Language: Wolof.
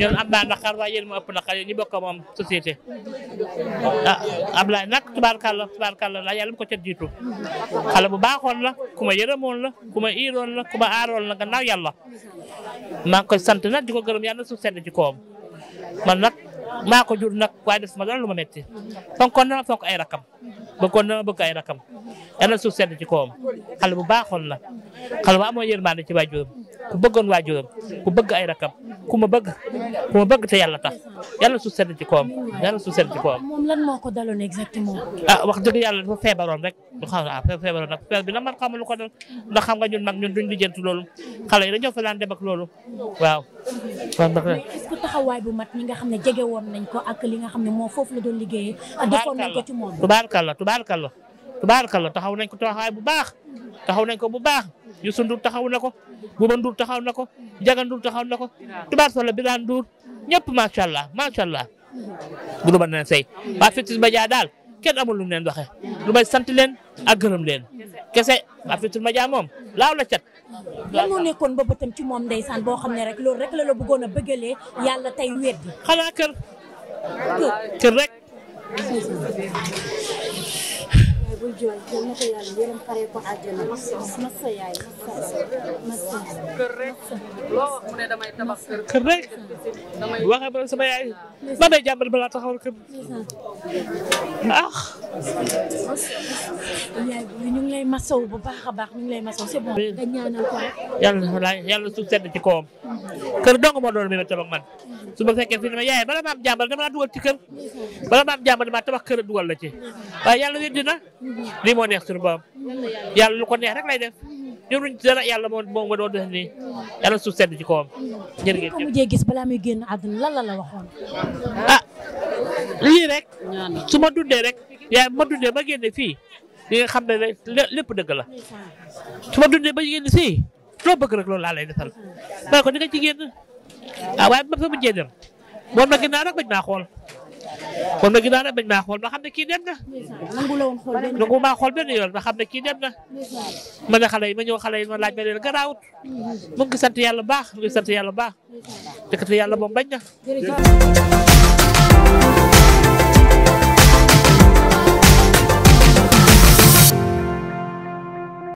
ñoom am naa naqar waaye yéen mu ëpp naqar yéen ñu bokk moom société ah Ablaye nag tubaarkàlla tubaarkàlla la yàlla mu ko ca jiitu xale bu baaxoon la ku ma yërëmoon la ku ma iiroon la ku ma aaroon la gannaaw yàlla maa ngi koy sant nag di ko gërëm yàlla suuf sedd ci koom man nag maa ko jur nag waaye des ma dara lu ma metti fonkoon na fonk ay rakam bëggoon na bëgg ay rakam yàlla suuf sedd ci koom xale bu baaxoon la xale bu amoo yërmande ci waajuram ku bëggoon waajuram ku bëgg ay rakam ku ma bëgg ku ma bëgg te yàlla tax yàlla su sedd ci koom yàlla su sedd ci koom. moom lan moo ko daloon exactement. ah wax dëgg yàlla dafa feebaroon rek du xam ah feebaroon nag feebar bi na man xamul lu ko doon ndax xam nga ñun mag ñun duñ lijjanti loolu xale yi dañoo fa daan dem ak loolu waaw. kon nag mais est taxawaay bu mat ñi nga xam ne jege woon nañ ko ak li nga xam ne moo foofu la doon liggéeyee. Ah, defoon nañ ko ci moom tubaarkalla tubaarkalla tubaarkalla taxaw nañ ko taxawaay bu baax taxaw nañ Youssou Ndour taxaw na ko Bouba Ndour taxaw na ko Ndiaga Ndour taxaw na ko tubaab solo Birane Ndour ñëpp macha allah macha allah. bu ba nee say waa Fetis daal ken amul lu mu leen waxee lu may sant leen ak gërëm leen kese waa Fetis Média moom laaw la cat. lan moo ba bëtam ci moom ndeysaan boo xam ne rek loolu rek la la bëggoon a bëggalee yàlla tey weddi. xanaa kër kër rek. jooy yal na ko yàlla yërëm paree ko àjjana sa yaay kër rek loo mu ne damay tabax sama yaay man day jàmbal balaa taxawal kër. ah. yaay bi ñu bu baax a baax ñu ngi lay masawu c'est ci kawam. kër dong moo doon mébét ak man. su ma fekkee ma yaay bala ma am jàmbal dama dugal ci kër. bala ma am jàmbal dama tabax kër dugal la ci. waaye yàlla weddi na. lii neex suñu borom. yàlla neex rek lay def. jëruñ dara yàlla moo moom nga doon def nii yàlla suuf sedd ci kawam jërëjëf ko mujjee gis balaa muy génn àdduna lan la la waxoon ah lii rek su ma dundee rek yaa ma dundee ba génne fii li nga xam ne lépp dëgg la su ma dundee ba génn si loo bëgg rek loolu laa lay defal ma ko ni nga ci génn ah waaye ma fa mujjee dem moom na ginnaaw rek bañ xool kon nag ginnaaw nag bañ maa xool ma xam ne kii dem na. nangu la woon xool benn yoon nangu ma xam ne kii dem na. ma ne xale yi ma ñëw xale yi ma laaj ma leen garaawut. mu ngi sant yàlla baax mu ngi sant yàlla baax. dëkk te yàlla moom bañ na.